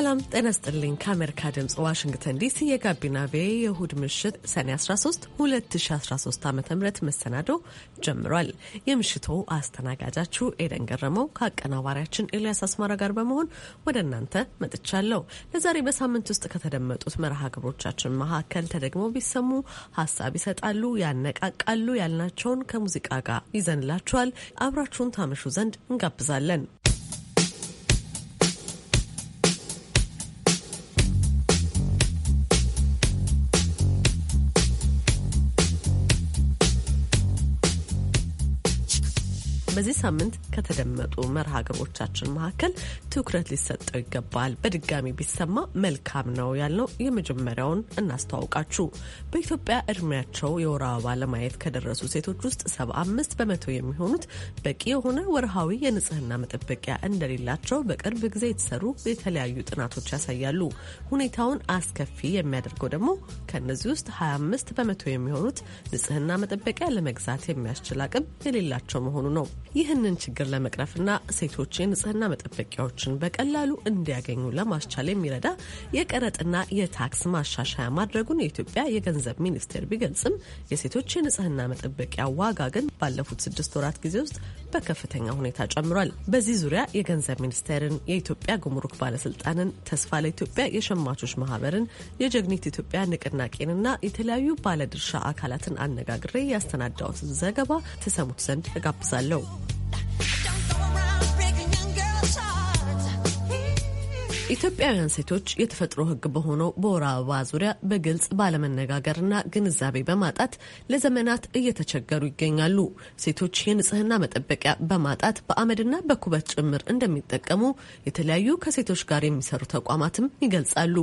ሰላም ጤና ስጥልኝ። ከአሜሪካ ድምፅ ዋሽንግተን ዲሲ የጋቢና ቪ የእሁድ ምሽት ሰኔ 13 2013 ዓ ም መሰናዶ ጀምሯል። የምሽቱ አስተናጋጃችሁ ኤደን ገረመው ከአቀናባሪያችን ኤልያስ አስማራ ጋር በመሆን ወደ እናንተ መጥቻለሁ። ለዛሬ በሳምንት ውስጥ ከተደመጡት መርሃ ግብሮቻችን መካከል ተደግሞ ቢሰሙ ሀሳብ ይሰጣሉ፣ ያነቃቃሉ ያልናቸውን ከሙዚቃ ጋር ይዘንላችኋል። አብራችሁን ታመሹ ዘንድ እንጋብዛለን። በዚህ ሳምንት ከተደመጡ መርሃ ግብሮቻችን መካከል ትኩረት ሊሰጠው ይገባል፣ በድጋሚ ቢሰማ መልካም ነው ያልነው የመጀመሪያውን እናስተዋውቃችሁ። በኢትዮጵያ እድሜያቸው የወር አበባ ለማየት ከደረሱ ሴቶች ውስጥ 75 በመቶ የሚሆኑት በቂ የሆነ ወርሃዊ የንጽህና መጠበቂያ እንደሌላቸው በቅርብ ጊዜ የተሰሩ የተለያዩ ጥናቶች ያሳያሉ። ሁኔታውን አስከፊ የሚያደርገው ደግሞ ከእነዚህ ውስጥ 25 በመቶ የሚሆኑት ንጽህና መጠበቂያ ለመግዛት የሚያስችል አቅም የሌላቸው መሆኑ ነው። ይህንን ችግር ለመቅረፍና ሴቶች የንጽህና መጠበቂያዎችን በቀላሉ እንዲያገኙ ለማስቻል የሚረዳ የቀረጥና የታክስ ማሻሻያ ማድረጉን የኢትዮጵያ የገንዘብ ሚኒስቴር ቢገልጽም የሴቶች የንጽህና መጠበቂያ ዋጋ ግን ባለፉት ስድስት ወራት ጊዜ ውስጥ በከፍተኛ ሁኔታ ጨምሯል። በዚህ ዙሪያ የገንዘብ ሚኒስቴርን፣ የኢትዮጵያ ጉምሩክ ባለስልጣንን፣ ተስፋ ለኢትዮጵያ የሸማቾች ማህበርን፣ የጀግኒት ኢትዮጵያ ንቅናቄንና የተለያዩ ባለድርሻ አካላትን አነጋግሬ ያስተናዳሁትን ዘገባ ተሰሙት ዘንድ እጋብዛለሁ። ኢትዮጵያውያን ሴቶች የተፈጥሮ ሕግ በሆነው በወር አበባ ዙሪያ በግልጽ ባለመነጋገርና ግንዛቤ በማጣት ለዘመናት እየተቸገሩ ይገኛሉ። ሴቶች የንጽህና መጠበቂያ በማጣት በአመድና በኩበት ጭምር እንደሚጠቀሙ የተለያዩ ከሴቶች ጋር የሚሰሩ ተቋማትም ይገልጻሉ።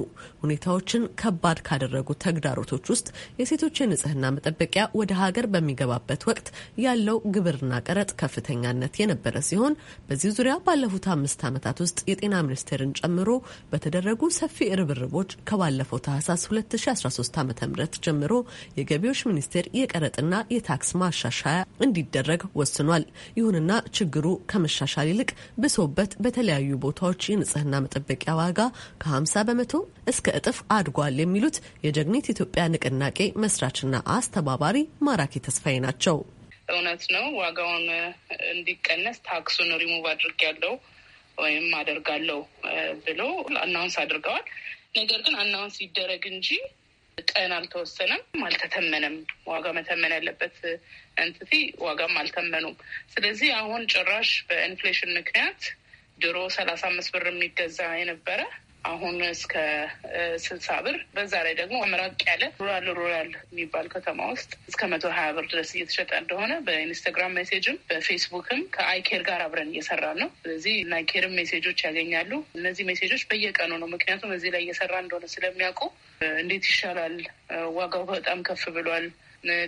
ሁኔታዎችን ከባድ ካደረጉ ተግዳሮቶች ውስጥ የሴቶች የንጽህና መጠበቂያ ወደ ሀገር በሚገባበት ወቅት ያለው ግብርና ቀረጥ ከፍተኛነት የነበረ ሲሆን በዚህ ዙሪያ ባለፉት አምስት ዓመታት ውስጥ የጤና ሚኒስቴርን ጨምሮ በተደረጉ ሰፊ ርብርቦች ከባለፈው ታህሳስ 2013 ዓ ም ጀምሮ የገቢዎች ሚኒስቴር የቀረጥና የታክስ ማሻሻያ እንዲደረግ ወስኗል። ይሁንና ችግሩ ከመሻሻል ይልቅ ብሶበት በተለያዩ ቦታዎች የንጽህና መጠበቂያ ዋጋ ከ50 በመቶ እስከ እጥፍ አድጓል የሚሉት የጀግኒት ኢትዮጵያ ንቅናቄ መስራችና አስተባባሪ ማራኪ ተስፋዬ ናቸው። እውነት ነው። ዋጋውን እንዲቀነስ ታክሱን ሪሙቭ አድርግ ያለው ወይም አደርጋለሁ ብሎ አናውንስ አድርገዋል። ነገር ግን አናውንስ ይደረግ እንጂ ቀን አልተወሰነም፣ አልተተመነም። ዋጋ መተመን ያለበት እንትቲ ዋጋም አልተመኑም። ስለዚህ አሁን ጭራሽ በኢንፍሌሽን ምክንያት ድሮ ሰላሳ አምስት ብር የሚገዛ የነበረ አሁን እስከ ስልሳ ብር በዛ ላይ ደግሞ መራቅ ያለ ሩራል ሩራል የሚባል ከተማ ውስጥ እስከ መቶ ሀያ ብር ድረስ እየተሸጠ እንደሆነ በኢንስታግራም ሜሴጅም በፌስቡክም ከአይኬር ጋር አብረን እየሰራን ነው። ስለዚህ ናይኬርም ሜሴጆች ያገኛሉ። እነዚህ ሜሴጆች በየቀኑ ነው፣ ምክንያቱም እዚህ ላይ እየሰራ እንደሆነ ስለሚያውቁ እንዴት ይሻላል፣ ዋጋው በጣም ከፍ ብሏል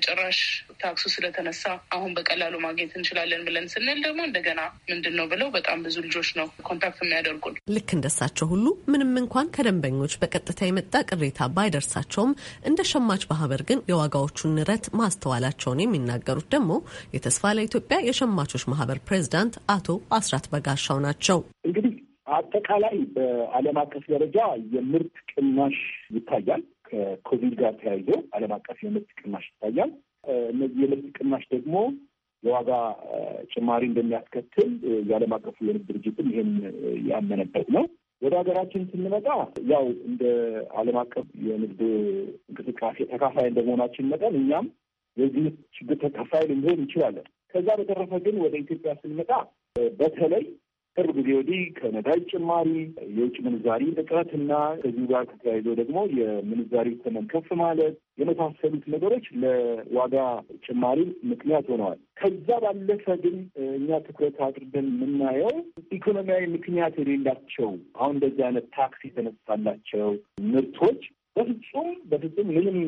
ጭራሽ ታክሱ ስለተነሳ አሁን በቀላሉ ማግኘት እንችላለን ብለን ስንል ደግሞ እንደገና ምንድን ነው ብለው በጣም ብዙ ልጆች ነው ኮንታክት የሚያደርጉን። ልክ እንደሳቸው ሁሉ ምንም እንኳን ከደንበኞች በቀጥታ የመጣ ቅሬታ ባይደርሳቸውም እንደ ሸማች ማህበር ግን የዋጋዎቹን ንረት ማስተዋላቸውን የሚናገሩት ደግሞ የተስፋ ለኢትዮጵያ የሸማቾች ማህበር ፕሬዚዳንት አቶ አስራት በጋሻው ናቸው። እንግዲህ አጠቃላይ በዓለም አቀፍ ደረጃ የምርት ቅናሽ ይታያል። ከኮቪድ ጋር ተያይዞ ዓለም አቀፍ የምርት ቅናሽ ይታያል። እነዚህ የምርት ቅናሽ ደግሞ የዋጋ ጭማሪ እንደሚያስከትል የዓለም አቀፉ የንግድ ድርጅትም ይህን ያመነበት ነው። ወደ ሀገራችን ስንመጣ ያው እንደ ዓለም አቀፍ የንግድ እንቅስቃሴ ተካፋይ እንደመሆናችን መጠን እኛም የዚህ ችግር ተካፋይ ልንሆን እንችላለን። ከዛ በተረፈ ግን ወደ ኢትዮጵያ ስንመጣ በተለይ ቅርብ ጊዜ ወዲህ ከነዳጅ ጭማሪ፣ የውጭ ምንዛሪ እጥረትና ከዚሁ ጋር ተያይዘው ደግሞ የምንዛሪ ተመን ከፍ ማለት የመሳሰሉት ነገሮች ለዋጋ ጭማሪ ምክንያት ሆነዋል። ከዛ ባለፈ ግን እኛ ትኩረት አድርገን የምናየው ኢኮኖሚያዊ ምክንያት የሌላቸው አሁን እንደዚህ አይነት ታክስ የተነሳላቸው ምርቶች በፍጹም በፍጹም ምንም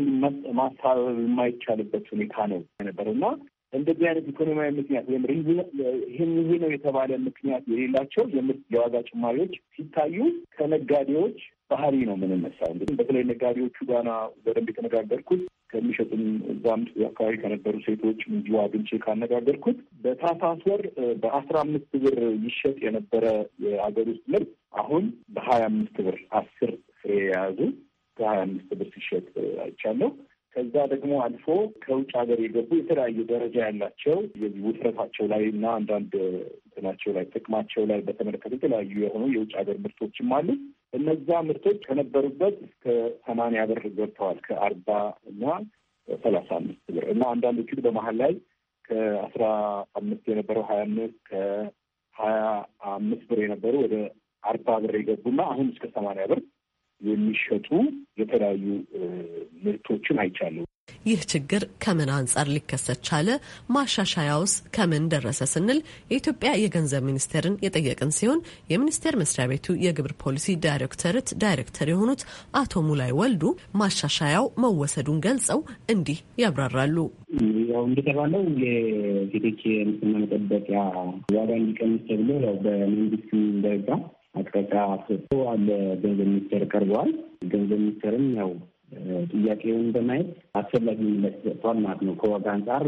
ማሳበብ የማይቻልበት ሁኔታ ነው የነበረው እና እንደዚህ አይነት ኢኮኖሚያዊ ምክንያት ወይም ይህን ይህ ነው የተባለ ምክንያት የሌላቸው የምርት የዋጋ ጭማሪዎች ሲታዩ ከነጋዴዎች ባህሪ ነው የምንነሳው። እንግዲህ በተለይ ነጋዴዎቹ ጋና በደንብ የተነጋገርኩት ከሚሸጡም እዛም አካባቢ ከነበሩ ሴቶች እንዲሁ አግኝቼ ካነጋገርኩት በታህሳስ ወር በአስራ አምስት ብር ይሸጥ የነበረ የአገር ውስጥ ምርት አሁን በሀያ አምስት ብር አስር ፍሬ የያዙ ከሀያ አምስት ብር ሲሸጥ አይቻለሁ። ከዛ ደግሞ አልፎ ከውጭ ሀገር የገቡ የተለያዩ ደረጃ ያላቸው የዚህ ውፍረታቸው ላይ እና አንዳንድ እንትናቸው ላይ ጥቅማቸው ላይ በተመለከተ የተለያዩ የሆኑ የውጭ ሀገር ምርቶችም አሉ። እነዛ ምርቶች ከነበሩበት እስከ ከሰማንያ ብር ገብተዋል ከአርባ እና ሰላሳ አምስት ብር እና አንዳንዶቹ በመሀል ላይ ከአስራ አምስት የነበረው ሀያ አምስት ከሀያ አምስት ብር የነበሩ ወደ አርባ ብር የገቡና አሁን እስከ ሰማንያ ብር የሚሸጡ የተለያዩ ምርቶችን አይቻለሁ። ይህ ችግር ከምን አንጻር ሊከሰት ቻለ? ማሻሻያውስ ከምን ደረሰ ስንል የኢትዮጵያ የገንዘብ ሚኒስቴርን የጠየቅን ሲሆን የሚኒስቴር መስሪያ ቤቱ የግብር ፖሊሲ ዳይሬክተርት ዳይሬክተር የሆኑት አቶ ሙላይ ወልዱ ማሻሻያው መወሰዱን ገልጸው እንዲህ ያብራራሉ። ያው እንደተባለው የሴቶች የንጽህና መጠበቂያ ዋጋ እንዲቀንስ ተብሎ ያው በመንግስት ደረጃ አቅጣጫ ሰጥቶ ገንዘብ ሚኒስቴር ቀርበዋል። ገንዘብ ሚኒስቴርም ያው ጥያቄውን በማየት አስፈላጊ ምላሽ ሰጥቷል ማለት ነው። ከዋጋ አንጻር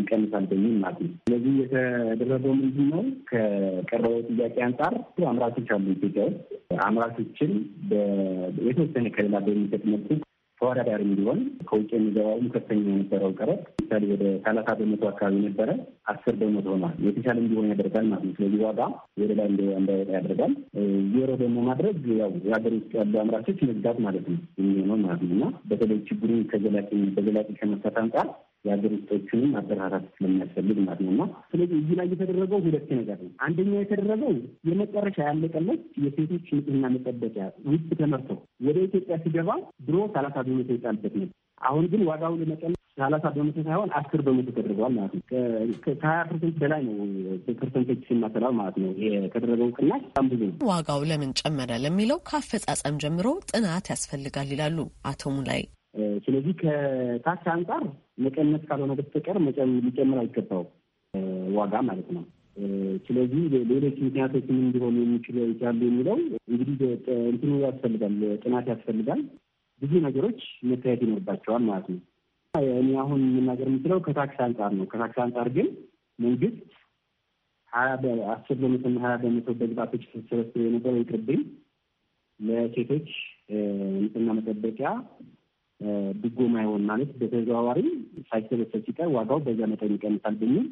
ይቀንሳል በሚል ማለት ነው። ስለዚህ የተደረገው ምንድን ነው? ከቀረበው ጥያቄ አንጻር አምራቾች አሉ ኢትዮጵያ ውስጥ አምራቾችን የተወሰነ ከሌላ በሚሰጥ መልኩ ተወዳዳሪ እንዲሆን ከውጭ የሚገባውም ከፍተኛ የነበረው ቀረጥ ምሳሌ ወደ ሰላሳ በመቶ አካባቢ ነበረ፣ አስር በመቶ ሆኗል። የተሻለ እንዲሆን ያደርጋል ማለት ነው። ስለዚህ ዋጋ ወደ ላይ እንዳይወጣ ያደርጋል። ዜሮ ደግሞ ማድረግ ያው የሀገር ውስጥ ያሉ አምራቾች መዝጋት ማለት ነው የሚሆነው ማለት ነው እና በተለይ ችግሩን ከዘላቂ በዘላቂ ከመፍታት አንጻር የሀገር ውስጦቹንም አበረታታት ስለሚያስፈልግ ማለት ነው እና ስለዚህ እዚህ ላይ የተደረገው ሁለት ነገር ነው። አንደኛው የተደረገው የመጨረሻ ያለቀለት የሴቶች ንጽህና መጠበቂያ ውስጥ ተመርተው ወደ ኢትዮጵያ ሲገባ ድሮ ሰላሳ በመቶ ይጣልበት ነው። አሁን ግን ዋጋው ለመቀነስ ሰላሳ በመቶ ሳይሆን አስር በመቶ ተደርገዋል ማለት ነው። ከሀያ ፐርሰንት በላይ ነው ፐርሰንቶች ሲማሰላል ማለት ነው። የተደረገው ቅናሽ በጣም ብዙ ነው። ዋጋው ለምን ጨመረ ለሚለው ከአፈጻጸም ጀምሮ ጥናት ያስፈልጋል ይላሉ አቶ ሙላይ ስለዚህ ከታክስ አንጻር መቀነስ ካልሆነ በስተቀር ሊጨምር አይገባው ዋጋ ማለት ነው። ስለዚህ ሌሎች ምክንያቶች ምን እንዲሆኑ የሚችሉ ያሉ የሚለው እንግዲህ እንትኑ ያስፈልጋል፣ ጥናት ያስፈልጋል። ብዙ ነገሮች መታየት ይኖርባቸዋል ማለት ነው። እኔ አሁን የምናገር የምችለው ከታክስ አንጻር ነው። ከታክስ አንጻር ግን መንግስት ሀያ አስር በመቶና ሀያ በመቶ በግባቶች ተሰበስበው የነበረው ይቅርብኝ ለሴቶች ንጽህና መጠበቂያ ድጎማ ይሆን ማለት በተዘዋዋሪ ሳይሰበሰብ ሲቀር ዋጋው በዛ መጠን ይቀንሳል ብንል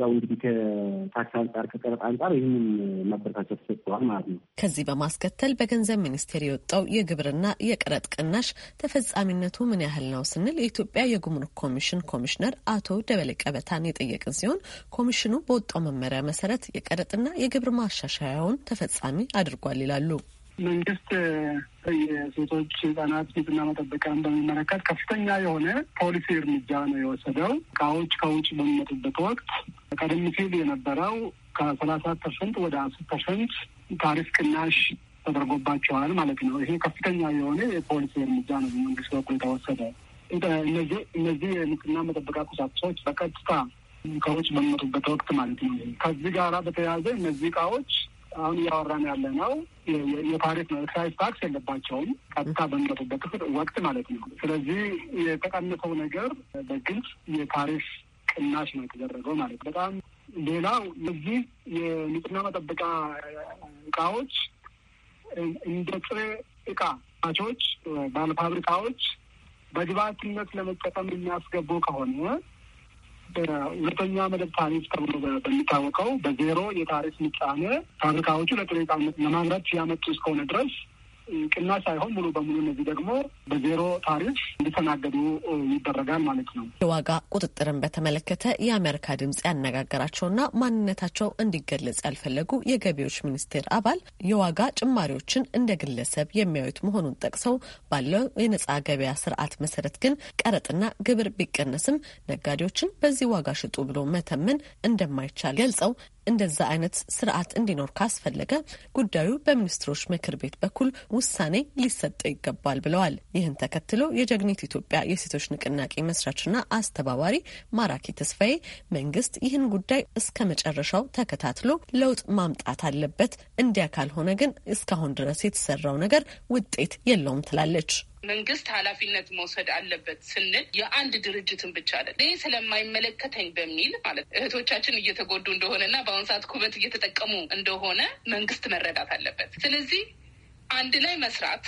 ያው እንግዲህ ከታክስ አንጻር ከቀረጥ አንጻር ይህንን መበረታቸው ተሰጥተዋል ማለት ነው። ከዚህ በማስከተል በገንዘብ ሚኒስቴር የወጣው የግብርና የቀረጥ ቅናሽ ተፈጻሚነቱ ምን ያህል ነው ስንል የኢትዮጵያ የጉምሩክ ኮሚሽን ኮሚሽነር አቶ ደበለ ቀበታን የጠየቅን ሲሆን ኮሚሽኑ በወጣው መመሪያ መሰረት የቀረጥና የግብር ማሻሻያውን ተፈጻሚ አድርጓል ይላሉ። መንግስት የሴቶች ህጻናት ቤትና መጠበቂያን በሚመለከት ከፍተኛ የሆነ ፖሊሲ እርምጃ ነው የወሰደው። እቃዎች ከውጭ በሚመጡበት ወቅት ቀደም ሲል የነበረው ከሰላሳ ፐርሰንት ወደ አስር ፐርሰንት ታሪፍ ቅናሽ ተደርጎባቸዋል ማለት ነው። ይሄ ከፍተኛ የሆነ የፖሊሲ እርምጃ ነው በመንግስት በኩል የተወሰደ። እነዚህ እነዚህ የንጽህና መጠበቂያ ቁሳቁሶች በቀጥታ እቃዎች በሚመጡበት ወቅት ማለት ነው። ከዚህ ጋራ በተያያዘ እነዚህ እቃዎች አሁን እያወራን ያለ ነው የፓሪስ ነው። ኤክሳይዝ ታክስ የለባቸውም ቀጥታ በሚመጡበት ወቅት ማለት ነው። ስለዚህ የተቀንፈው ነገር በግልጽ የፓሪስ ቅናሽ ነው የተደረገው ማለት በጣም ሌላው እዚህ የንጽህና መጠበቂያ እቃዎች እንደ ጥሬ እቃ ቻዎች ባለፋብሪካዎች በግብዓትነት ለመጠቀም የሚያስገቡ ከሆነ ሁለተኛ መደብ ታሪፍ ተብሎ በሚታወቀው በዜሮ የታሪፍ ምጣኔ ፋብሪካዎቹ ለጥሬ ለማምረት ያመጡ እስከሆነ ድረስ ቅናሽ ሳይሆን ሙሉ በሙሉ እነዚህ ደግሞ በዜሮ ታሪፍ እንዲተናገዱ ይደረጋል ማለት ነው። የዋጋ ቁጥጥርን በተመለከተ የአሜሪካ ድምጽ ያነጋገራቸውና ማንነታቸው እንዲገለጽ ያልፈለጉ የገቢዎች ሚኒስቴር አባል የዋጋ ጭማሪዎችን እንደ ግለሰብ የሚያዩት መሆኑን ጠቅሰው ባለው የነጻ ገበያ ስርዓት መሰረት ግን ቀረጥና ግብር ቢቀነስም ነጋዴዎችን በዚህ ዋጋ ሽጡ ብሎ መተመን እንደማይቻል ገልጸው እንደዛ አይነት ስርዓት እንዲኖር ካስፈለገ ጉዳዩ በሚኒስትሮች ምክር ቤት በኩል ውሳኔ ሊሰጠው ይገባል ብለዋል። ይህን ተከትሎ የጀግኒት ኢትዮጵያ የሴቶች ንቅናቄ መስራችና አስተባባሪ ማራኪ ተስፋዬ መንግስት ይህን ጉዳይ እስከ መጨረሻው ተከታትሎ ለውጥ ማምጣት አለበት፣ እንዲያ ካልሆነ ግን እስካሁን ድረስ የተሰራው ነገር ውጤት የለውም ትላለች። መንግስት ኃላፊነት መውሰድ አለበት ስንል የአንድ ድርጅትን ብቻ አለ ይህ ስለማይመለከተኝ በሚል ማለት እህቶቻችን እየተጎዱ እንደሆነና በአሁኑ ሰዓት ኩበት እየተጠቀሙ እንደሆነ መንግስት መረዳት አለበት። ስለዚህ አንድ ላይ መስራት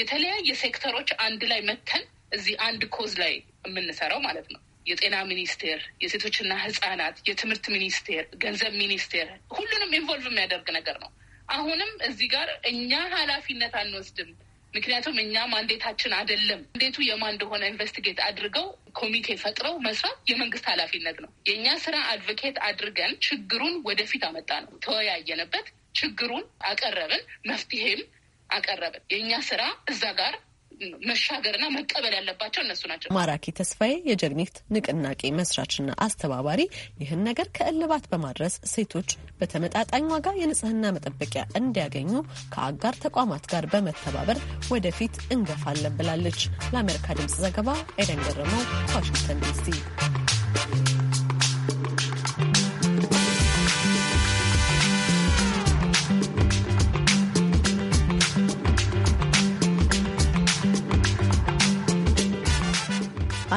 የተለያየ ሴክተሮች አንድ ላይ መተን እዚህ አንድ ኮዝ ላይ የምንሰራው ማለት ነው። የጤና ሚኒስቴር፣ የሴቶችና ህጻናት፣ የትምህርት ሚኒስቴር፣ ገንዘብ ሚኒስቴር ሁሉንም ኢንቮልቭ የሚያደርግ ነገር ነው። አሁንም እዚህ ጋር እኛ ኃላፊነት አንወስድም ምክንያቱም እኛ ማንዴታችን አይደለም። እንዴቱ የማን እንደሆነ ኢንቨስቲጌት አድርገው ኮሚቴ ፈጥረው መስራት የመንግስት ኃላፊነት ነው። የእኛ ስራ አድቮኬት አድርገን ችግሩን ወደፊት አመጣ ነው። ተወያየንበት፣ ችግሩን አቀረብን፣ መፍትሄም አቀረብን። የእኛ ስራ እዛ ጋር መሻገርና መቀበል ያለባቸው እነሱ ናቸው። ማራኪ ተስፋዬ የጀግኒት ንቅናቄ መስራችና አስተባባሪ፣ ይህን ነገር ከእልባት በማድረስ ሴቶች በተመጣጣኝ ዋጋ የንጽህና መጠበቂያ እንዲያገኙ ከአጋር ተቋማት ጋር በመተባበር ወደፊት እንገፋለን ብላለች። ለአሜሪካ ድምጽ ዘገባ ኤደን ገረመው ዋሽንግተን ዲሲ።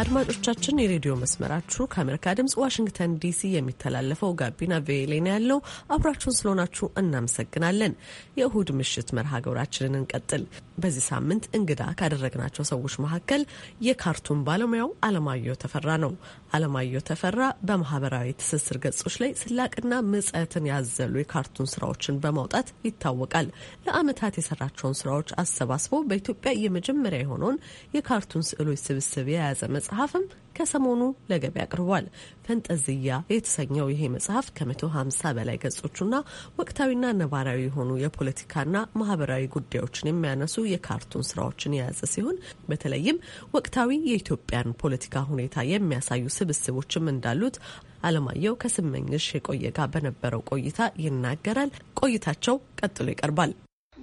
አድማጮቻችን የሬዲዮ መስመራችሁ ከአሜሪካ ድምጽ ዋሽንግተን ዲሲ የሚተላለፈው ጋቢና ቬሌን ያለው። አብራችሁን ስለሆናችሁ እናመሰግናለን። የእሁድ ምሽት መርሃ ግብራችንን እንቀጥል። በዚህ ሳምንት እንግዳ ካደረግናቸው ሰዎች መካከል የካርቱን ባለሙያው አለማየሁ ተፈራ ነው። አለማየሁ ተፈራ በማህበራዊ ትስስር ገጾች ላይ ስላቅና ምጸትን ያዘሉ የካርቱን ስራዎችን በማውጣት ይታወቃል። ለአመታት የሰራቸውን ስራዎች አሰባስቦ በኢትዮጵያ የመጀመሪያ የሆነውን የካርቱን ስዕሎች ስብስብ የያዘ መጽሐፍ መጽሐፍም ከሰሞኑ ለገበያ አቅርቧል። ፈንጠዝያ የተሰኘው ይሄ መጽሐፍ ከ150 በላይ ገጾችና ወቅታዊና ነባራዊ የሆኑ የፖለቲካና ማህበራዊ ጉዳዮችን የሚያነሱ የካርቱን ስራዎችን የያዘ ሲሆን በተለይም ወቅታዊ የኢትዮጵያን ፖለቲካ ሁኔታ የሚያሳዩ ስብስቦችም እንዳሉት አለማየሁ ከስመኝሽ የቆየ ጋር በነበረው ቆይታ ይናገራል። ቆይታቸው ቀጥሎ ይቀርባል።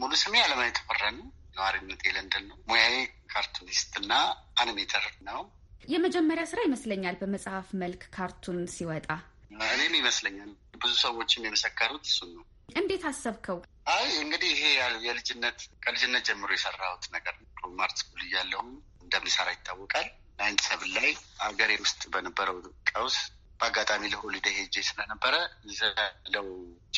ሙሉ ስሜ አለማየሁ ተፈራ ነው። ነዋሪነት የለንደን ነው። ሙያዬ ካርቱኒስት እና አኒሜተር ነው። የመጀመሪያ ስራ ይመስለኛል በመጽሐፍ መልክ ካርቱን ሲወጣ። እኔም ይመስለኛል ብዙ ሰዎችም የመሰከሩት እሱ ነው። እንዴት አሰብከው? አይ እንግዲህ ይሄ የልጅነት ከልጅነት ጀምሮ የሰራሁት ነገር ማርት ስኩል እያለሁ እንደምሰራ ይታወቃል። ናይንት ሰብን ላይ ሀገሬ ውስጥ በነበረው ቀውስ በአጋጣሚ ለሆሊደ ሄጄ ስለነበረ ዘለው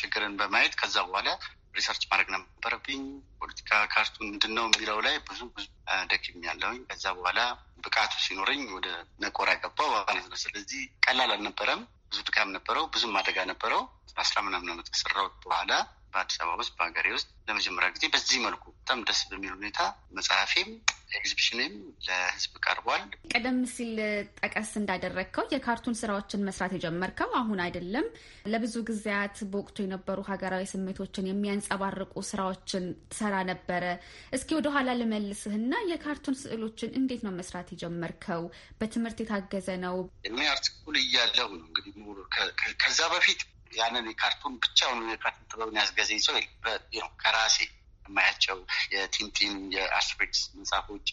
ችግርን በማየት ከዛ በኋላ ሪሰርች ማድረግ ነበረብኝ። ፖለቲካ ካርቱ ምንድን ነው የሚለው ላይ ብዙ ብዙ ደክም ያለውኝ። ከዛ በኋላ ብቃቱ ሲኖረኝ ወደ ነቆራ ገባሁ ማለት ነው። ስለዚህ ቀላል አልነበረም። ብዙ ድካም ነበረው፣ ብዙም አደጋ ነበረው። አስራ ምናምን ዓመት ከሰራሁት በኋላ በአዲስ አበባ ውስጥ በሀገሬ ውስጥ ለመጀመሪያ ጊዜ በዚህ መልኩ በጣም ደስ በሚል ሁኔታ መጽሐፌም ኤግዚቢሽንም ለህዝብ ቀርቧል። ቀደም ሲል ጠቀስ እንዳደረግከው የካርቱን ስራዎችን መስራት የጀመርከው አሁን አይደለም። ለብዙ ጊዜያት በወቅቱ የነበሩ ሀገራዊ ስሜቶችን የሚያንጸባርቁ ስራዎችን ትሰራ ነበረ። እስኪ ወደኋላ ልመልስህና የካርቱን ስዕሎችን እንዴት ነው መስራት የጀመርከው? በትምህርት የታገዘ ነው? እድሜ አርት እያለሁ ነው እንግዲህ ከዛ በፊት ያንን የካርቱን ብቻውን የካርቱን ጥበብን ያስገዘኝ ሰው ከራሴ የማያቸው የቲንቲን የአስትሪክስ መጽሐፎች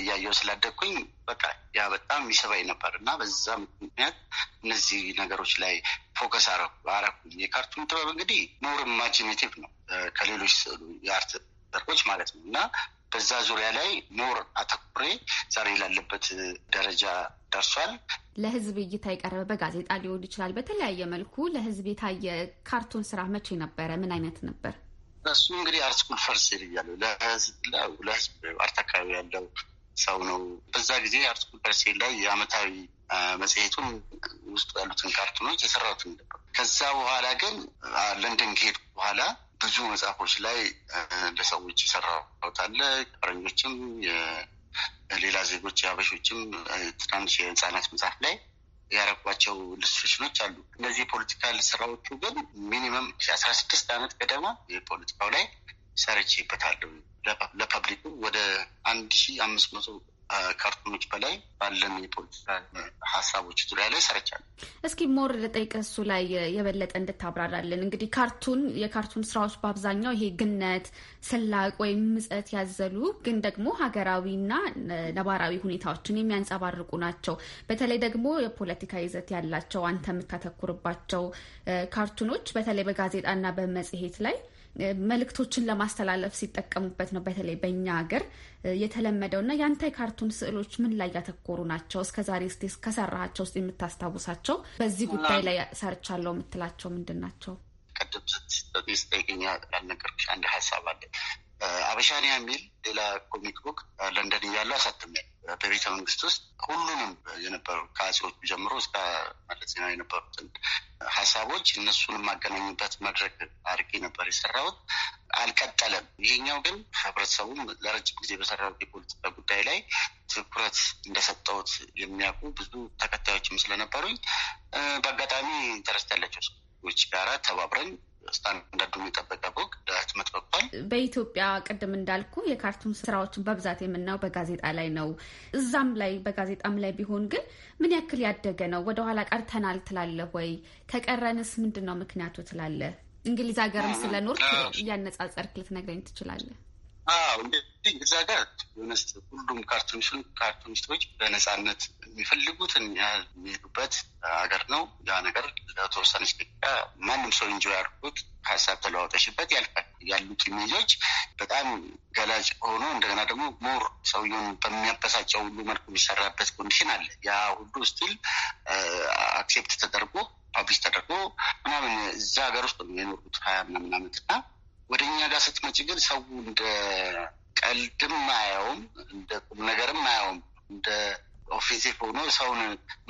እያየው ስላደግኩኝ በቃ ያ በጣም ይስባኝ ነበር እና በዛ ምክንያት እነዚህ ነገሮች ላይ ፎከስ አረኩኝ። የካርቱን ጥበብ እንግዲህ ሞር ኢማጂኔቲቭ ነው ከሌሎች ስዕሉ የአርት ዘርፎች ማለት ነው እና በዛ ዙሪያ ላይ ሞር አተኩሬ ዛሬ ላለበት ደረጃ ደርሷል። ለህዝብ እይታ የቀረበ በጋዜጣ ሊሆን ይችላል። በተለያየ መልኩ ለህዝብ የታየ ካርቱን ስራ መቼ ነበረ? ምን አይነት ነበር? እሱ እንግዲህ አርትስኩል ስኩል ፈርስ ይልያሉ ለህዝብ አርት አካባቢ ያለው ሰው ነው። በዛ ጊዜ አርትስኩል ስኩል ፈርስ ላይ የአመታዊ መጽሔቱን ውስጡ ያሉትን ካርቱኖች የሰራሁትን ነበር። ከዛ በኋላ ግን ለንደን ከሄድ በኋላ ብዙ መጽሐፎች ላይ ለሰዎች የሰራሁት አለ። ፈረንጆችም ሌላ ዜጎች የአበሾችም ትናንሽ የህፃናት መጽሐፍ ላይ ያረጓቸው ኢሉስትሬሽኖች አሉ። እነዚህ የፖለቲካል ስራዎቹ ግን ሚኒመም አስራ ስድስት አመት ገደማ የፖለቲካው ላይ ሰርቼበታለሁ። ለፐብሊኩ ወደ አንድ ሺ አምስት መቶ ካርቱኖች በላይ ባለን የፖለቲካ ሀሳቦች ዙሪያ ላይ ሰርቻለሁ። እስኪ ሞር ልጠይቅ እሱ ላይ የበለጠ እንድታብራራለን። እንግዲህ ካርቱን የካርቱን ስራዎች በአብዛኛው ይሄ ግነት፣ ስላቅ ወይም ምጸት ያዘሉ ግን ደግሞ ሀገራዊና ነባራዊ ሁኔታዎችን የሚያንጸባርቁ ናቸው። በተለይ ደግሞ የፖለቲካ ይዘት ያላቸው አንተ የምታተኩርባቸው ካርቱኖች በተለይ በጋዜጣና በመጽሔት ላይ መልእክቶችን ለማስተላለፍ ሲጠቀሙበት ነው። በተለይ በእኛ ሀገር የተለመደው እና የአንተ የካርቱን ስዕሎች ምን ላይ ያተኮሩ ናቸው? እስከ ዛሬ ስ ከሰራሃቸው ውስጥ የምታስታውሳቸው በዚህ ጉዳይ ላይ ሰርቻለሁ የምትላቸው ምንድን ናቸው? ቅድም ስት ያልነገርኩሽ አንድ ሀሳብ አለ አበሻኒያ የሚል ሌላ ኮሚክ ቡክ ለንደን እያለ አሳትሜያለሁ። በቤተ መንግስት ውስጥ ሁሉንም የነበሩ ከአጼዎቹ ጀምሮ እስከ መለስ ዜናዊ የነበሩትን ሀሳቦች እነሱን የማገናኙበት መድረክ አድርጌ ነበር የሰራሁት። አልቀጠለም። ይሄኛው ግን ህብረተሰቡም ለረጅም ጊዜ በሰራሁት የፖለቲካ ጉዳይ ላይ ትኩረት እንደሰጠውት የሚያውቁ ብዙ ተከታዮችም ስለነበሩኝ በአጋጣሚ ኢንተረስት ያላቸው ሰዎች ጋራ ተባብረን ስታንዳርዱን የጠበቀ በኢትዮጵያ ቅድም እንዳልኩ የካርቱን ስራዎችን በብዛት የምናየው በጋዜጣ ላይ ነው። እዛም ላይ በጋዜጣም ላይ ቢሆን ግን ምን ያክል ያደገ ነው? ወደኋላ ቀርተናል ትላለህ ወይ? ከቀረንስ ምንድን ነው ምክንያቱ ትላለህ? እንግሊዝ ሀገርም ስለኖርክ እያነጻጸርክ ልትነግረኝ ትችላለህ? እንግዲህ እዛ ጋር የሆነስ ሁሉም ካርቱኒስቱን ካርቱኒስቶች በነፃነት የሚፈልጉትን ያህል የሚሄዱበት ሀገር ነው። ያ ነገር ለተወሰነ ደቂቃ ማንም ሰው እንጆ ያድርጉት ሀሳብ ተለዋወጠሽበት ያልፋል። ያሉት ኢሜጆች በጣም ገላጭ ሆኖ እንደገና ደግሞ ሞር ሰውየውን በሚያበሳጨው ሁሉ መልኩ የሚሰራበት ኮንዲሽን አለ። ያ ሁሉ ስቲል አክሴፕት ተደርጎ ፓብሊሽ ተደርጎ ምናምን እዛ ሀገር ውስጥ ነው የኖሩት ሀያ ምናምን አመት እና ወደ እኛ ጋር ስትመጭ ግን ሰው እንደ ቀልድም አያውም፣ እንደ ቁም ነገርም አያውም። እንደ ኦፌንሲቭ ሆኖ ሰውን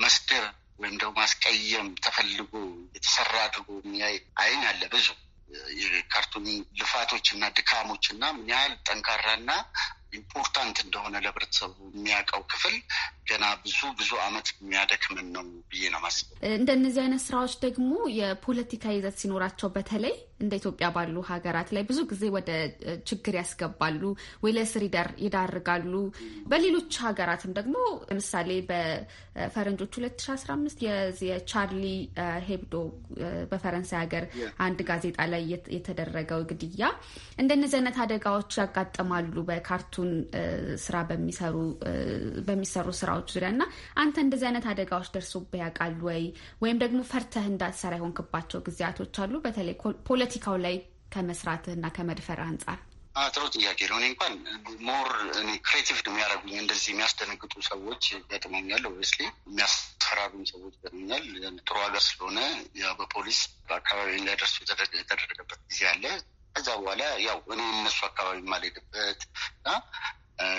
መስደር ወይም ደግሞ ማስቀየም ተፈልጎ የተሰራ አድርጎ የሚያይ አይን አለ። ብዙ የካርቱን ልፋቶች እና ድካሞች እና ምን ያህል ጠንካራና ኢምፖርታንት እንደሆነ ለህብረተሰቡ የሚያውቀው ክፍል ገና ብዙ ብዙ አመት የሚያደክምን ነው ብዬ ነው ማስበው። እንደነዚህ አይነት ስራዎች ደግሞ የፖለቲካ ይዘት ሲኖራቸው በተለይ እንደ ኢትዮጵያ ባሉ ሀገራት ላይ ብዙ ጊዜ ወደ ችግር ያስገባሉ ወይ ለእስር ይዳርጋሉ። በሌሎች ሀገራትም ደግሞ ለምሳሌ በፈረንጆች 2015 የቻርሊ ሄብዶ በፈረንሳይ ሀገር አንድ ጋዜጣ ላይ የተደረገው ግድያ እንደነዚህ አይነት አደጋዎች ያጋጥማሉ በካርቱን ስራ በሚሰሩ ስራ ስራዎች ዙሪያ እና አንተ እንደዚህ አይነት አደጋዎች ደርሶብህ ያውቃሉ ወይ? ወይም ደግሞ ፈርተህ እንዳትሰራ የሆንክባቸው ጊዜያቶች አሉ? በተለይ ፖለቲካው ላይ ከመስራትህ እና ከመድፈር አንጻር። ጥሩ ጥያቄ ነው። እኔ እንኳን ሞር እኔ ክሬቲቭ ነው የሚያደርጉኝ እንደዚህ የሚያስደነግጡ ሰዎች ገጥመኛል። ኦብስሊ የሚያስፈራሩኝ ሰዎች ገጥመኛል። ጥሩ ሀገር ስለሆነ በፖሊስ በአካባቢ እንዳይደርሱ የተደረገበት ጊዜ አለ። ከዛ በኋላ ያው እኔ እነሱ አካባቢ ማልሄድበት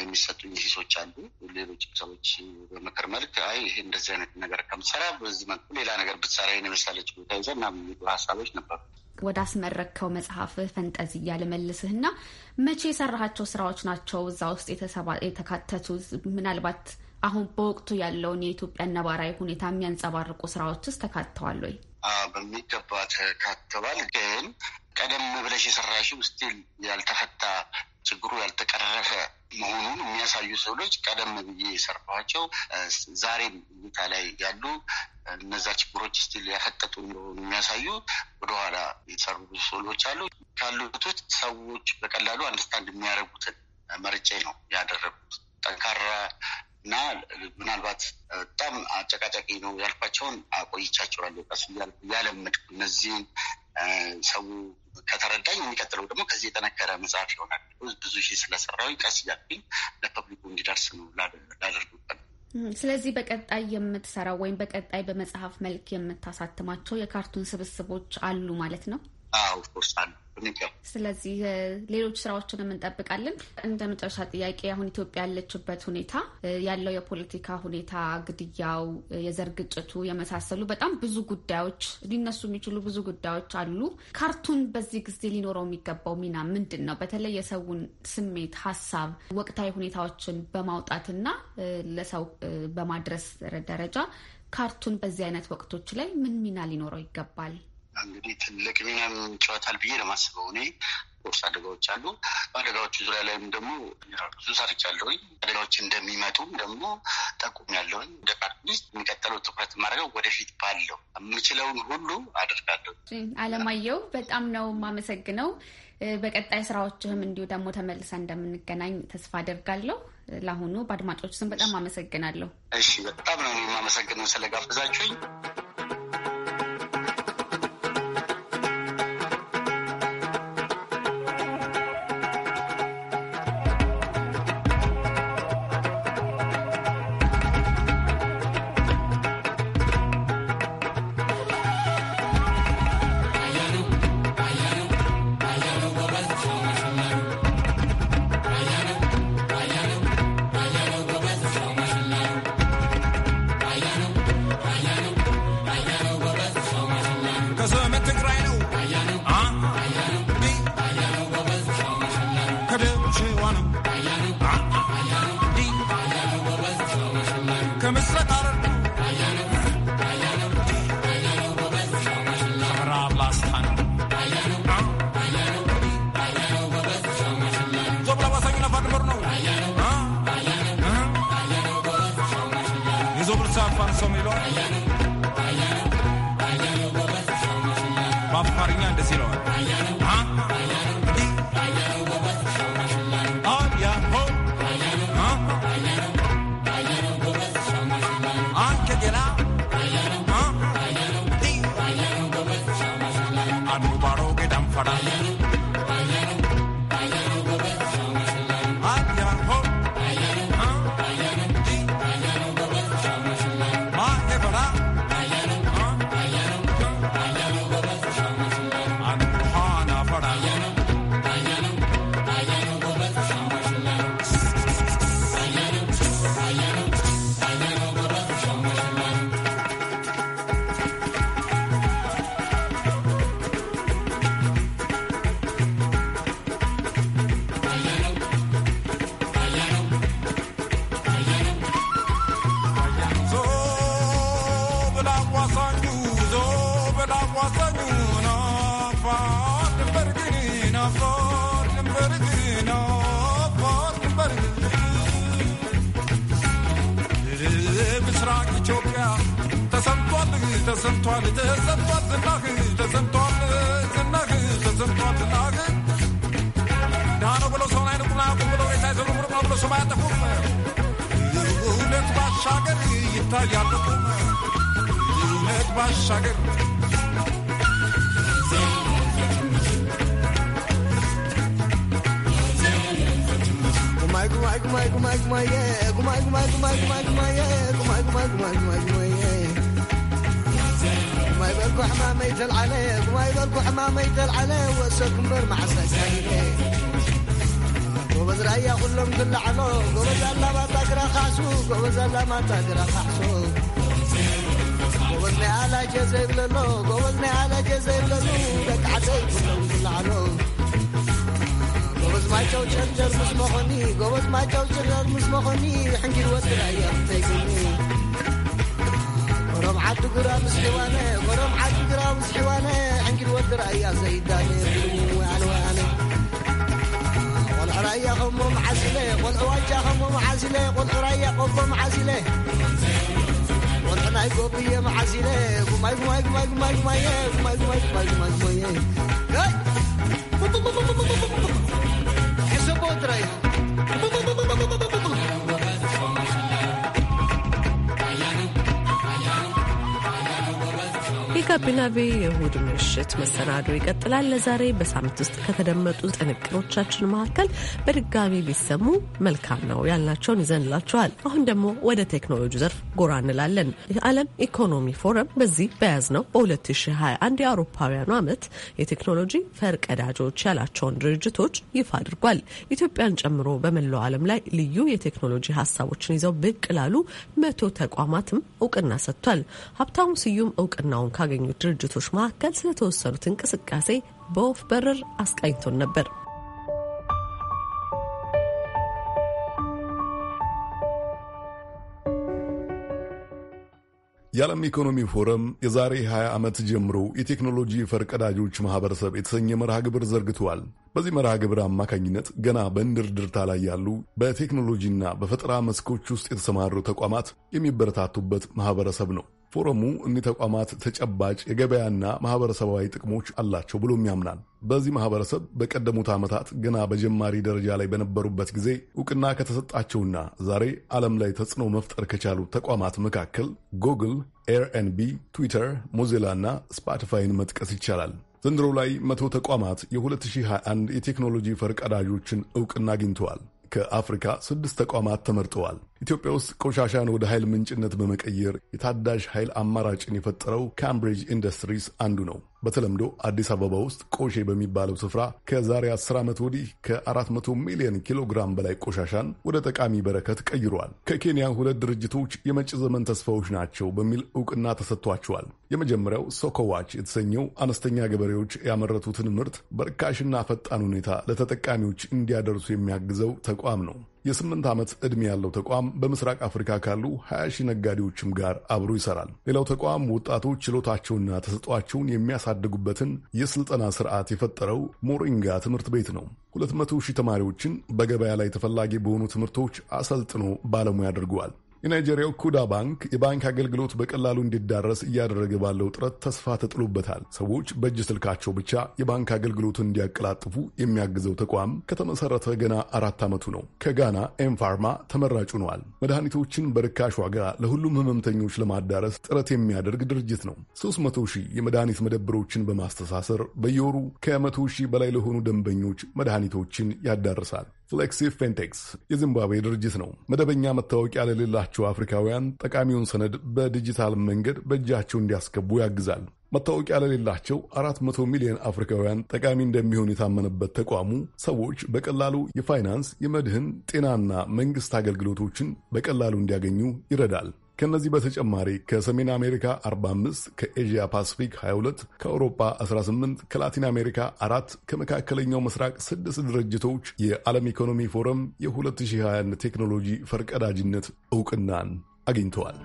የሚሰጡኝ ሂሶች አሉ። ሌሎች ሰዎች በምክር መልክ አይ ይሄ እንደዚህ አይነት ነገር ከምሰራ በዚህ መልኩ ሌላ ነገር ብትሰራ ይሄን የመሰለች ቦታ ይዘ ምናምን የሚሉ ሀሳቦች ነበሩ። ወደ አስመረከው መጽሐፍ ፈንጠዝያ ልመልስህ ና መቼ የሰራሃቸው ስራዎች ናቸው እዛ ውስጥ የተካተቱ? ምናልባት አሁን በወቅቱ ያለውን የኢትዮጵያ ነባራዊ ሁኔታ የሚያንጸባርቁ ስራዎች ውስጥ ተካትተዋል ወይ? በሚገባ ተካትተዋል ግን ቀደም ብለሽ የሰራሽው ስቲል ያልተፈታ ችግሩ ያልተቀረፈ መሆኑን የሚያሳዩ ሰዎች ቀደም ብዬ የሰራኋቸው ዛሬም እይታ ላይ ያሉ እነዛ ችግሮች ስቲል ያፈጠጡ እንደሆኑ የሚያሳዩ ወደኋላ የተሰሩ ሰዎች አሉ። ካሉት ሰዎች በቀላሉ አንድስታንድ የሚያደርጉትን መርጬ ነው ያደረጉት። ጠንካራ እና ምናልባት በጣም አጨቃጫቂ ነው ያልኳቸውን አቆይቻቸዋለሁ። ቀስ እያልኩ እያለመድኩ እነዚህን ሰው ከተረዳኝ የሚቀጥለው ደግሞ ከዚህ የጠነከረ መጽሐፍ ይሆናል። ብዙ ሺህ ስለሰራው ቀስ እያልኩኝ ለፐብሊኩ እንዲደርስ ነው ላደርጉበት። ስለዚህ በቀጣይ የምትሰራው ወይም በቀጣይ በመጽሐፍ መልክ የምታሳትማቸው የካርቱን ስብስቦች አሉ ማለት ነው? ስለዚህ ሌሎች ስራዎችን እንጠብቃለን። እንደ መጨረሻ ጥያቄ አሁን ኢትዮጵያ ያለችበት ሁኔታ ያለው የፖለቲካ ሁኔታ፣ ግድያው፣ የዘር ግጭቱ የመሳሰሉ በጣም ብዙ ጉዳዮች ሊነሱ የሚችሉ ብዙ ጉዳዮች አሉ። ካርቱን በዚህ ጊዜ ሊኖረው የሚገባው ሚና ምንድን ነው? በተለይ የሰውን ስሜት፣ ሀሳብ፣ ወቅታዊ ሁኔታዎችን በማውጣትና ለሰው በማድረስ ደረጃ ካርቱን በዚህ አይነት ወቅቶች ላይ ምን ሚና ሊኖረው ይገባል? እንግዲህ ትልቅ ሚናም ጨዋታል ብዬ ለማስበው እኔ ቦርስ አደጋዎች አሉ። በአደጋዎቹ ዙሪያ ላይም ደግሞ ብዙ ሰርቻለሁኝ። አደጋዎች እንደሚመጡም ደግሞ ጠቁም ያለውኝ እንደ ፓርቲስት የሚቀጥለው ትኩረት ማድረገው ወደፊት ባለው የምችለውን ሁሉ አደርጋለሁ። አለማየሁ በጣም ነው የማመሰግነው። በቀጣይ ስራዎችህም እንዲሁ ደግሞ ተመልሳ እንደምንገናኝ ተስፋ አደርጋለሁ። ለአሁኑ በአድማጮች ስም በጣም አመሰግናለሁ። እሺ፣ በጣም ነው የማመሰግነው ስለጋብዛችሁኝ። Cause I'm at the grind. ስማትኩም እውነት ባሻገር ይታያልኩም እውነት ባሻገር Gumai, gumai, gumai, gumai, yeah. Gumai, gumai, gumai, gumai, gumai, yeah. Gumai, gumai, gumai, gumai, gumai, yeah. Gumai, berku hamam, ytel alay. Gumai, berku hamam, ytel alay. Wassakum ber ma'asas, yeah. ጎበዝ ራያ ሁሎም ዝላዓሎ ጎበዝ ኣላማታ ግረኻዕሱ ጎበዝ ኣላማታ ግረኻዕሱ ጎበዝ ናይ ኣላጀ ዘይብለሎ ጎበዝ ናይ ኣላጀ ዘይብለሉ ደቂ ዓደይ ኩሎም ዝላዓሎ ጎበዝ ማይቻው ጨንጀር ምስ መኾኒ ጎበዝ ማይቻው ጨንጀር ምስ መኾኒ ሕንጊድ ወዲ ራያ እንተይግኒ ቆሮም ዓዲ ጉራ ምስ ሕዋነ ቆሮም ዓዲ ጉራ ምስ ሕዋነ ሕንጊድ ወዲ ራያ ዘይዳነ والعرية أم معزلة والعوجة أم معزلة والعرية أم معزلة والحناي قوبية معزلة قمي قمي قمي قمي قمي قمي قمي قمي قمي قمي حسبوا دريهم የጋቢና ቤ የእሁድ ምሽት መሰናዶ ይቀጥላል። ለዛሬ በሳምንት ውስጥ ከተደመጡ ጥንቅሮቻችን መካከል በድጋሚ ቢሰሙ መልካም ነው ያልናቸውን ይዘንላቸዋል። አሁን ደግሞ ወደ ቴክኖሎጂ ዘርፍ ጎራ እንላለን። የዓለም ኢኮኖሚ ፎረም በዚህ በያዝ ነው በ2021 የአውሮፓውያኑ ዓመት የቴክኖሎጂ ፈርቀዳጆች ያላቸውን ድርጅቶች ይፋ አድርጓል። ኢትዮጵያን ጨምሮ በመላው ዓለም ላይ ልዩ የቴክኖሎጂ ሀሳቦችን ይዘው ብቅ ላሉ መቶ ተቋማትም እውቅና ሰጥቷል። ሀብታሙ ስዩም እውቅናውን ካገ ከተጎበኙት ድርጅቶች መካከል ስለተወሰኑት እንቅስቃሴ በወፍ በረር አስቃኝቶን ነበር። የዓለም ኢኮኖሚ ፎረም የዛሬ 20 ዓመት ጀምሮ የቴክኖሎጂ ፈርቀዳጆች ማኅበረሰብ የተሰኘ መርሃ ግብር ዘርግተዋል። በዚህ መርሃ ግብር አማካኝነት ገና በእንድርድርታ ላይ ያሉ በቴክኖሎጂና በፈጠራ መስኮች ውስጥ የተሰማሩ ተቋማት የሚበረታቱበት ማኅበረሰብ ነው። ፎረሙ እኒህ ተቋማት ተጨባጭ የገበያና ማህበረሰባዊ ጥቅሞች አላቸው ብሎም ያምናል። በዚህ ማህበረሰብ በቀደሙት ዓመታት ገና በጀማሪ ደረጃ ላይ በነበሩበት ጊዜ እውቅና ከተሰጣቸውና ዛሬ ዓለም ላይ ተጽዕኖ መፍጠር ከቻሉ ተቋማት መካከል ጉግል፣ ኤርኤንቢ፣ ትዊተር፣ ሞዚላ እና ስፖቲፋይን መጥቀስ ይቻላል። ዘንድሮ ላይ መቶ ተቋማት የ2021 የቴክኖሎጂ ፈርቀዳጆችን እውቅና አግኝተዋል። ከአፍሪካ ስድስት ተቋማት ተመርጠዋል። ኢትዮጵያ ውስጥ ቆሻሻን ወደ ኃይል ምንጭነት በመቀየር የታዳሽ ኃይል አማራጭን የፈጠረው ካምብሪጅ ኢንዱስትሪስ አንዱ ነው። በተለምዶ አዲስ አበባ ውስጥ ቆሼ በሚባለው ስፍራ ከዛሬ 10 ዓመት ወዲህ ከ400 ሚሊዮን ኪሎ ግራም በላይ ቆሻሻን ወደ ጠቃሚ በረከት ቀይሯል። ከኬንያ ሁለት ድርጅቶች የመጪ ዘመን ተስፋዎች ናቸው በሚል እውቅና ተሰጥቷቸዋል። የመጀመሪያው ሶኮዋች የተሰኘው አነስተኛ ገበሬዎች ያመረቱትን ምርት በርካሽና ፈጣን ሁኔታ ለተጠቃሚዎች እንዲያደርሱ የሚያግዘው ተቋም ነው። የስምንት ዓመት ዕድሜ ያለው ተቋም በምስራቅ አፍሪካ ካሉ 20 ሺህ ነጋዴዎችም ጋር አብሮ ይሰራል። ሌላው ተቋም ወጣቶች ችሎታቸውና ተሰጧቸውን የሚያሳድጉበትን የሥልጠና ስርዓት የፈጠረው ሞሪንጋ ትምህርት ቤት ነው። 200 ሺህ ተማሪዎችን በገበያ ላይ ተፈላጊ በሆኑ ትምህርቶች አሰልጥኖ ባለሙያ አድርገዋል። የናይጄሪያው ኩዳ ባንክ የባንክ አገልግሎት በቀላሉ እንዲዳረስ እያደረገ ባለው ጥረት ተስፋ ተጥሎበታል። ሰዎች በእጅ ስልካቸው ብቻ የባንክ አገልግሎት እንዲያቀላጥፉ የሚያግዘው ተቋም ከተመሠረተ ገና አራት ዓመቱ ነው። ከጋና ኤምፋርማ ተመራጭ ነዋል። መድኃኒቶችን በርካሽ ዋጋ ለሁሉም ህመምተኞች ለማዳረስ ጥረት የሚያደርግ ድርጅት ነው። 300 ሺህ የመድኃኒት መደብሮችን በማስተሳሰር በየወሩ ከ100 ሺህ በላይ ለሆኑ ደንበኞች መድኃኒቶችን ያዳርሳል። ፍሌክሲ ፌንቴክስ የዚምባብዌ ድርጅት ነው። መደበኛ መታወቂያ ለሌላቸው አፍሪካውያን ጠቃሚውን ሰነድ በዲጂታል መንገድ በእጃቸው እንዲያስገቡ ያግዛል። መታወቂያ ለሌላቸው አራት መቶ ሚሊዮን አፍሪካውያን ጠቃሚ እንደሚሆን የታመነበት ተቋሙ ሰዎች በቀላሉ የፋይናንስ፣ የመድህን፣ ጤናና መንግስት አገልግሎቶችን በቀላሉ እንዲያገኙ ይረዳል። ከእነዚህ በተጨማሪ ከሰሜን አሜሪካ 45፣ ከኤዥያ ፓስፊክ 22፣ ከአውሮፓ 18፣ ከላቲን አሜሪካ አራት፣ ከመካከለኛው ምስራቅ ስድስት ድርጅቶች የዓለም ኢኮኖሚ ፎረም የ2021 ቴክኖሎጂ ፈርቀዳጅነት እውቅናን አግኝተዋል።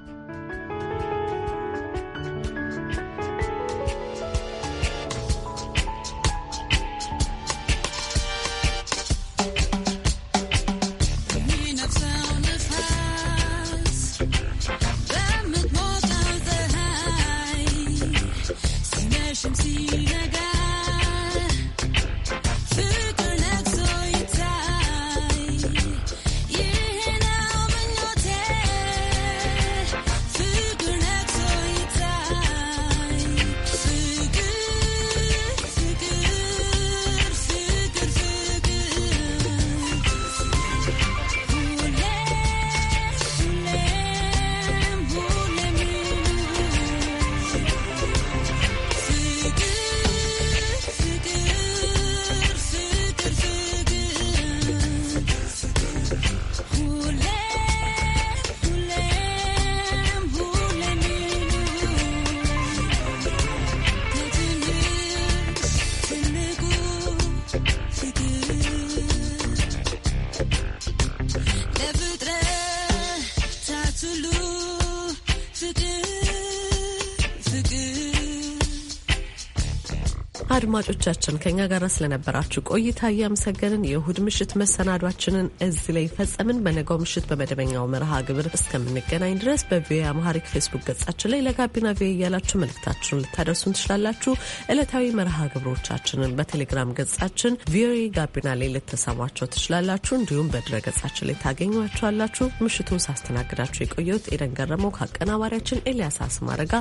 አድማጮቻችን ከኛ ጋር ስለነበራችሁ ቆይታ እያመሰገንን የእሁድ ምሽት መሰናዷችንን እዚህ ላይ ፈጸምን። በነጋው ምሽት በመደበኛው መርሃ ግብር እስከምንገናኝ ድረስ በቪኦኤ አማሪክ ፌስቡክ ገጻችን ላይ ለጋቢና ቪኦኤ እያላችሁ መልእክታችሁን ልታደርሱን ትችላላችሁ። ዕለታዊ መርሃ ግብሮቻችንን በቴሌግራም ገጻችን ቪኦኤ ጋቢና ላይ ልትሰሟቸው ትችላላችሁ። እንዲሁም በድረ ገጻችን ላይ ታገኟቸዋላችሁ። ምሽቱን ሳስተናግዳችሁ የቆየሁት ኤደን ገረመው ከአቀናባሪያችን ኤልያስ አስማረጋ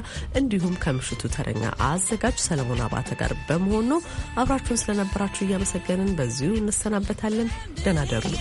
እንዲሁም ከምሽቱ ተረኛ አዘጋጅ ሰለሞን አባተ ጋር በመሆን በመሆን ነው። አብራችሁን ስለነበራችሁ እያመሰገንን በዚሁ እንሰናበታለን። ደህና ደሩ።